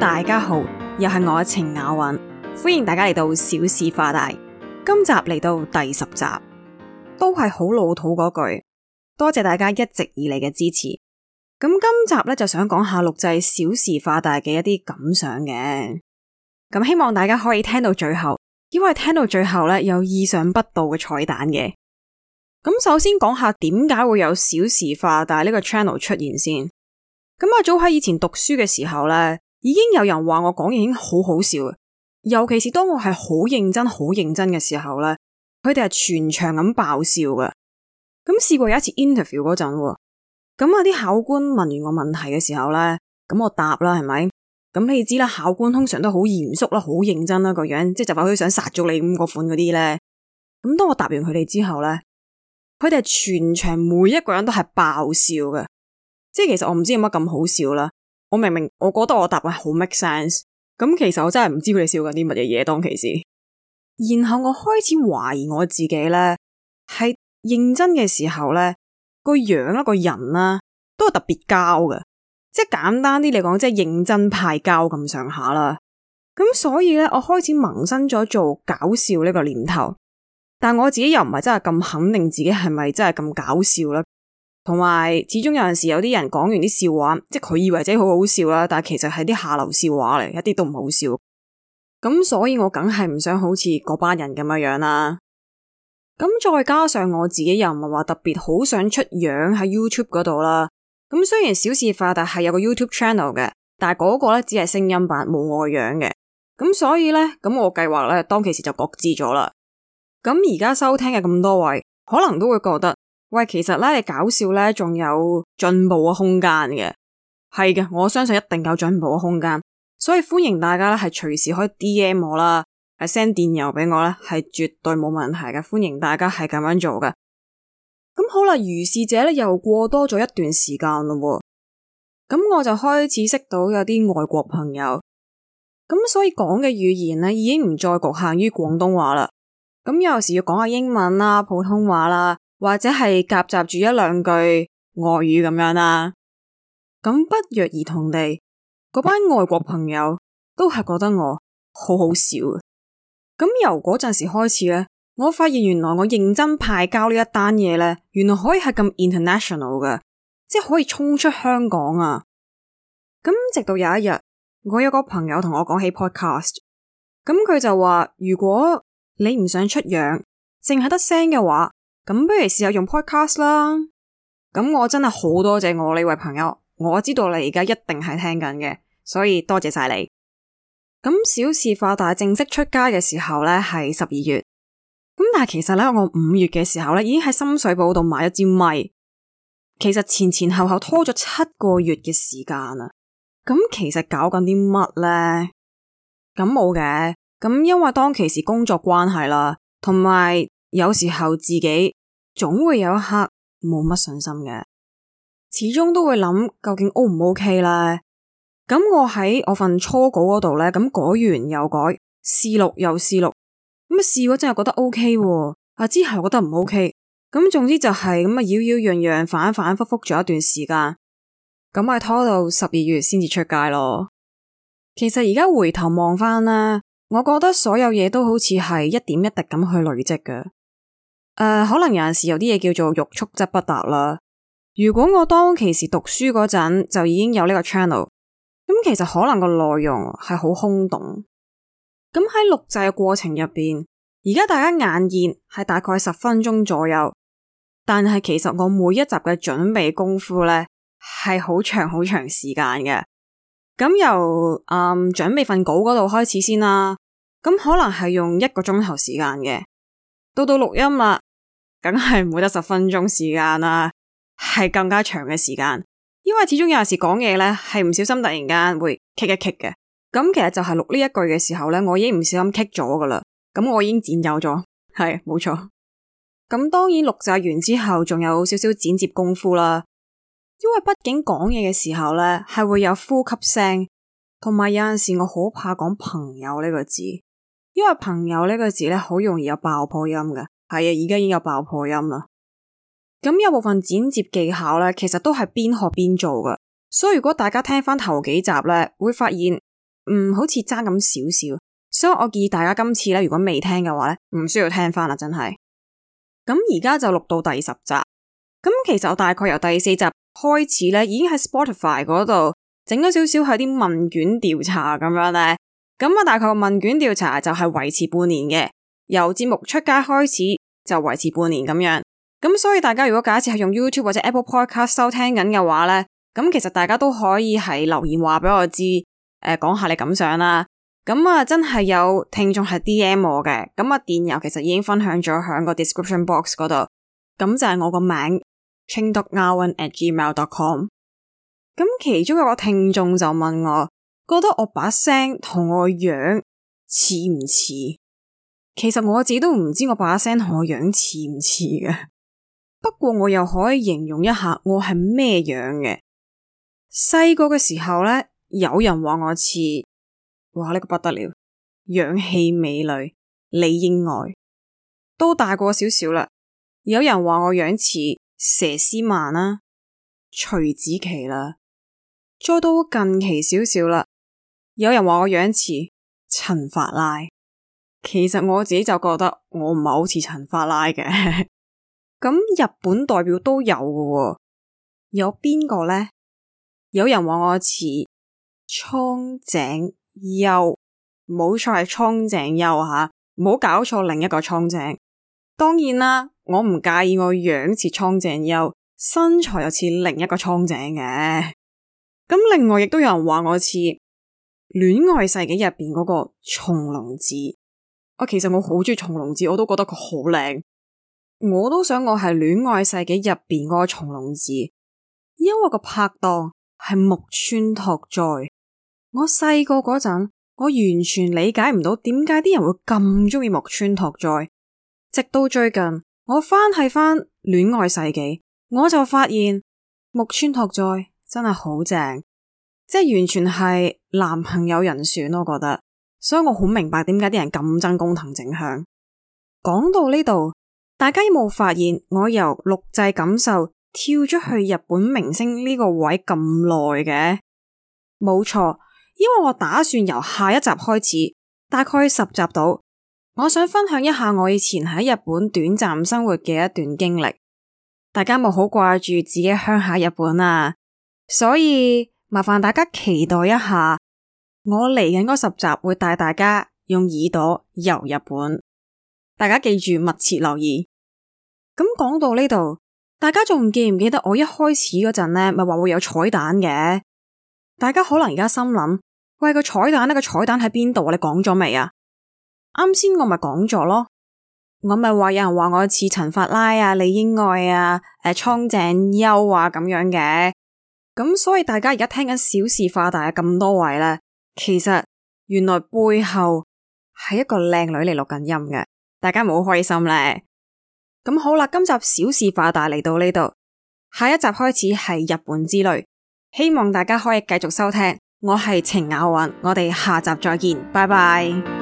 大家好，又係我程雅韻，歡迎大家嚟到小事化大，今集嚟到第十集，都係好老土嗰句，多謝大家一直以嚟嘅支持。咁今集咧就想講下錄製小事化大嘅一啲感想嘅，咁希望大家可以聽到最後，因為聽到最後咧有意想不到嘅彩蛋嘅。咁首先講下點解會有小事化大呢個 channel 出現先。咁阿早喺以前讀書嘅時候咧。已經有人話我講嘢已經好好笑嘅，尤其是當我係好認真、好認真嘅時候咧，佢哋係全場咁爆笑嘅。咁試過有一次 interview 嗰陣，咁啊啲考官問完我問題嘅時候咧，咁我答啦，係咪？咁你知啦，考官通常都好嚴肅啦，好認真啦、個樣，即係就話好似想殺咗你咁個款嗰啲咧。咁當我答完佢哋之後咧，佢哋係全場每一個人都係爆笑嘅，即係其實我唔知有乜咁好笑啦。我明明我覺得我答案好 make sense，咁其實我真係唔知佢哋笑緊啲乜嘢嘢當其時。然後我開始懷疑我自己呢，係認真嘅時候呢，個樣啊個人呢，都係特別膠嘅，即係簡單啲嚟講，即係認真派膠咁上下啦。咁所以呢，我開始萌生咗做搞笑呢個念頭，但我自己又唔係真係咁肯定自己係咪真係咁搞笑啦。同埋，始終有陣時有啲人講完啲笑話，即係佢以為自己好好笑啦，但係其實係啲下流笑話嚟，一啲都唔好笑。咁所以我梗係唔想好似嗰班人咁樣樣啦。咁再加上我自己又唔係話特別好想出樣喺 YouTube 嗰度啦。咁雖然小事化大，係有個 YouTube channel 嘅，但係嗰個呢只係聲音版，冇我樣嘅。咁所以呢，咁我計劃呢，當其時就擱置咗啦。咁而家收聽嘅咁多位，可能都會覺得，喂，其實咧，你搞笑咧，仲有進步嘅空間嘅，係嘅，我相信一定有進步嘅空間，所以歡迎大家咧係隨時可以 DM 我啦，send 電郵俾我咧係絕對冇問題嘅，歡迎大家係咁樣做嘅。咁好啦，如是者咧，又過多咗一段時間啦，咁我就開始識到有啲外國朋友，咁所以講嘅語言咧已經唔再局限於廣東話啦，咁有時要講下英文啦、普通話啦。或者係夾雜住一兩句外語咁樣啦，啊，咁不約而同地，嗰班外國朋友都係覺得我好好笑嘅。咁由嗰陣時開始咧，我發現原來我認真派交呢一單嘢，呢原來可以係咁 international 嘅，即係可以衝出香港啊！咁直到有一日，我有個朋友同我講起 podcast，咁佢就話：如果你唔想出樣，淨係得聲嘅話。咁不如試下用 podcast 啦。咁我真係好多謝我呢位朋友，我知道你而家一定係聽緊嘅，所以多謝晒你。咁小事化大正式出街嘅時候呢，係十二月。咁但係其實呢，我五月嘅時候呢，已經喺深水埗度買一支咪。其實前前後後拖咗七個月嘅時間啊。咁其實搞緊啲乜呢？咁冇嘅。咁因為當其時工作關係啦，同埋有，有時候自己。總會有一刻冇乜信心嘅，始終都會諗究竟 O 唔 O K 啦。咁我喺我份初稿嗰度呢，咁改完又改，試錄又試錄，咁啊試咗真係覺得 O K 喎，啊之後覺得唔 O K，咁總之就係咁啊，妖妖揚揚，反反复覆咗一段時間，咁咪拖到十二月先至出街咯。其實而家回頭望返咧，我覺得所有嘢都好似係一點一滴咁去累積嘅。Uh, 可能有陣時有啲嘢，叫做欲速則不達啦。如果我當其時讀書嗰陣就已經有呢個 channel，咁其實可能個內容係好空洞。咁喺錄製嘅過程入邊，而家大家眼見係大概十分鐘左右，但係其實我每一集嘅準備功夫呢，係好長好長時間嘅。咁由嗯準備份稿嗰度開始先啦，咁可能係用一個鐘頭時間嘅，到到錄音啦。梗係唔會得十分鐘時間啦，啊，係更加長嘅時間，因為始終有陣時講嘢咧係唔小心突然間會咳一咳嘅。咁，嗯，其實就係錄呢一句嘅時候咧，我已經唔小心咳咗噶啦。咁，嗯，我已經剪走咗，係冇錯。咁，嗯，當然錄製完之後，仲有少少剪接功夫啦。因為畢竟講嘢嘅時候咧，係會有呼吸聲，同埋有陣時我好怕講朋友呢個字，因為朋友呢個字咧好容易有爆破音嘅。係啊，而家已經有爆破音啦。咁有部分剪接技巧呢，其實都係邊學邊做㗎。所以如果大家聽翻頭幾集呢，會發現嗯，好似差咁少少。所以我建議大家今次呢，如果未聽嘅話呢，唔需要聽翻啦，真係。咁而家就錄到第十集。咁其實我大概由第四集開始呢，已經喺 Spotify 嗰度整咗少少係啲問卷調查咁樣呢。咁啊，大概個問卷調查就係維持半年嘅。由節目出街開始就維持半年咁樣，咁所以大家如果假設係用 YouTube 或者 Apple Podcast 收聽緊嘅話呢，咁其實大家都可以喺留言話俾我知，誒、呃、講下你感想啦。咁啊真係有聽眾係 DM 我嘅，咁啊電郵其實已經分享咗響個 description box 嗰度，咁就係我個名 c h i n t o k a w a n at gmail dot com。咁其中有一個聽眾就問我，覺得我把聲同我樣似唔似？其實我自己都唔知我把聲同我樣似唔似嘅，不過我又可以形容一下我係咩樣嘅。細個嘅時候呢，有人話我似，哇，呢個不得了，氧氣美女李英愛。都大過少少啦，有人話我樣似佘詩曼啦，徐子淇啦，啊。再到近期少少啦，有人話我樣似陳法拉。其實我自己就覺得我唔係好似陳法拉嘅，咁日本代表都有㗎喎，有邊個呢？有人話我似蒼井優，冇錯係蒼井優吓，唔好、啊、搞錯另一個蒼井。當然啦，我唔介意我樣似蒼井優，身材又似另一個蒼井嘅。咁 另外亦都有人話我似《戀愛世紀》入邊嗰個松隆子。我其實我好中意松隆子，我都覺得佢好靚，我都想我係戀愛世紀入邊嗰個松隆子，因為個拍檔係木村拓哉。我細個嗰陣，我完全理解唔到點解啲人會咁中意木村拓哉。直到最近我翻係翻戀愛世紀，我就發現木村拓哉真係好正，即係完全係男朋友人選，我覺得。所以我好明白點解啲人咁憎工藤靜香。講到呢度，大家有冇發現我由錄製感受跳咗去日本明星呢個位咁耐嘅？冇錯，因為我打算由下一集開始，大概十集到，我想分享一下我以前喺日本短暫生活嘅一段經歷。大家冇好掛住自己鄉下日本啊！所以麻煩大家期待一下。我嚟緊嗰十集會帶大家用耳朵遊日本，大家記住密切留意。咁講到呢度，大家仲記唔記得我一開始嗰陣呢咪話會有彩蛋嘅？大家可能而家心諗，喂，個彩蛋呢，個彩蛋喺邊度？你講咗未啊？啱先我咪講咗咯，我咪話有人話我似陳法拉啊、李英愛啊、誒、蒼井優啊咁樣嘅。咁所以大家而家聽緊小事化大嘅咁多位呢。其實原來背後係一個靚女嚟錄緊音嘅，大家唔好開心咧。咁好啦，今集小事化大嚟到呢度，下一集開始係日本之旅，希望大家可以繼續收聽。我係程咬韻，我哋下集再見，拜拜。